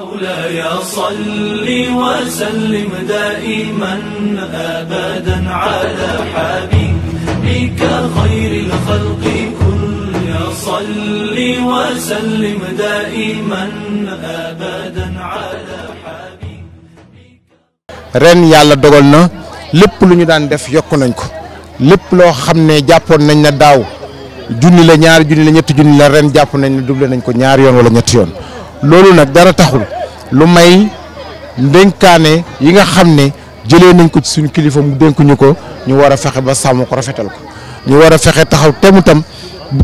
مولاي صل وسلم دائما ابدا على حبيبك خير الخلق كل صل وسلم دائما ابدا على حبيبك رن يالا دوغال نا lepp lu ñu daan def yokku nañ ko lepp loo xam ne jàppoon nañ na daaw junni la ñaar junni la ñetti junni la ren jàpp nañ ne doublé nañ ko ñaar yoon wala ñetti yoon loolu nag dara taxul lu may ndénkaane yi nga xam ne jëlee nañ ko ci suñu kilifa mu dénkuñu ko ñu war a fexe ba sàmm ko rafetal ko ñu war a fexe taxaw temu tam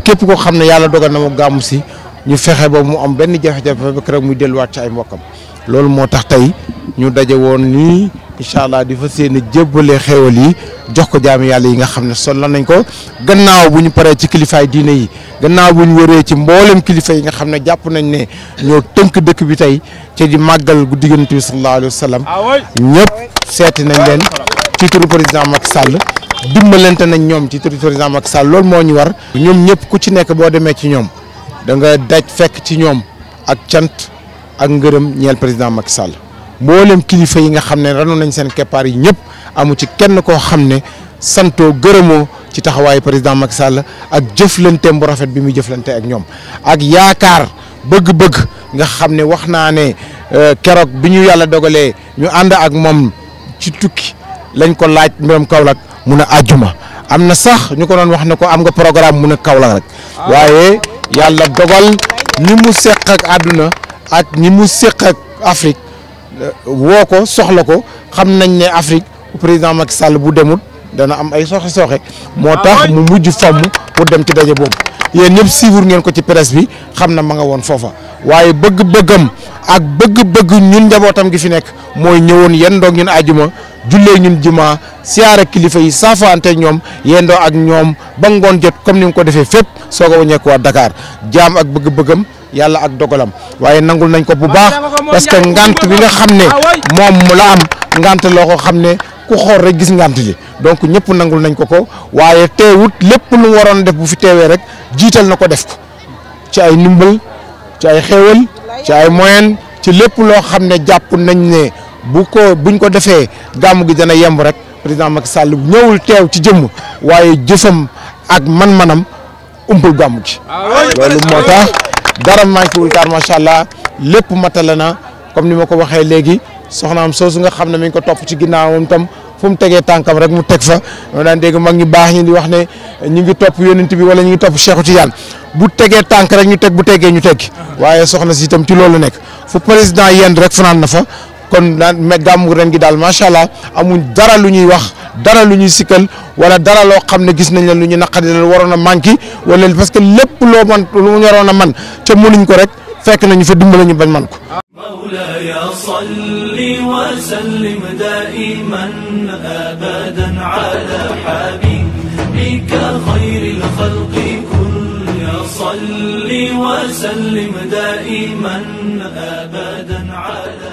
képp koo xam ne yàlla dogal na mu gàmm si ñu fexe ba mu am benn jafe-jafe ba keroog muy delluwaat ci ay mbokkam loolu moo tax tey ñu daje woon nii incha allah di fa seen jébbale xéwal yi jox ko jaami yàlla yi nga xam ne sol sonal nañ ko gannaaw bu ñu paree ci kilifaay diine yi gannaaw bu ñu wëree ci mboolem kilifa yi nga xam ne jàpp nañ ne ñoo tënk dëkk bi tey ci di màggal gu diggante bi sallallahu alayhi wa sallam ah ñëpp seeti nañ leen ci turu président Macky Sall dimbalante nañ ñoom ci turu président Macky Sall loolu moo ñu war. ñoom ñëpp ku ci nekk boo demee ci ñoom da nga daj fekk ci ñoom ak cant ak ngërëm ñeel président Macky Sall. mboolem kilifa yi nga xam ne ranu nañ seen keppaar yi ñëpp amu ci kenn koo xam ne santoo gërëmoo ci taxawaayu président Macky Sall ak jëflanteem bu rafet bi muy jëflantee ak ñoom ak yaakaar bëgg-bëgg nga xam ne wax naa ne euh, keroog bi ñu yàlla dogalee ñu ànd ak moom ci tukki lañ ko laaj mbiram Kaolack mun a àjjuma am na sax ñu ko doon wax ne ko am nga programme mun a Kaolack rek ah. waaye yàlla dogal ñi mu seq ak àdduna ak ñi mu seq ak Afrique. woo ko soxla ko xam nañ ne Afrique président Macky Sall bu demul dana am ay soxe soxe moo ah, tax mu mujj fomm pour dem ci daje boobu yéen ñëpp siiwur ngeen ko ci presse bi xam na ma nga woon foofa waaye bëgg-bëggam ak bëgg-bëgg ñun njabootam gi fi nekk mooy ñëwoon yenn doog ñun àjjuma jullee ñun juma siara kilifa yi safante ñom yendo ak ñom ba ngon jot comme ni ko defee fep soga a wañeeku Dakar jam ak bëgg-bëggam yalla ak dogalam waye nangul nañ ko bu baax parce que ngant bi nga xamné mom mu la am ngant ko ku xor rek gis ngant li donc ñepp nangul nañ ko ko waye téwut lepp lu waron def bu fi téwé rek jital nako def ko ci ay ndimbal ci ay xéewal ci ay moyen ci lepp lo xamné japp nañ né bu ko bu ñu ko defee gàmm gi dana yemb rek président Macky Sall ñëwul teew ci jëmm waaye jëfam ak man-manam umpul gàmm gi loolu moo tax dara manquéwul kaar macha allah lépp matale na comme ni ma ko waxee léegi soo su nga xam ne mi ko topp ci ginnaawam tam fu mu tegee tànkam rek mu teg fa ma naa dégg mag ñu baax ñi di wax ne ñu ngi topp yonent bi wala ñu ngi topp ci Tidiane bu tegee tànk rek ñu teg bu tegee ñu teg waaye soxna si ci loolu nekk fu président rek fanaan na fa kon daan mais gàmmu ren gi daal macha allah amuñ dara lu ñuy wax dara lu ñuy sikkal wala dara loo xam ne gis nañ leen lu ñu naqari leen waroon a manqué wala parce que lépp loo man lu ñu waroon a man ca mënuñ ko rek fekk nañu fa dimbale ñu bañ man ko. مولاي صل وسلم دائما ابدا على حبيبك خير الخلق كل صل وسلم دائما ابدا على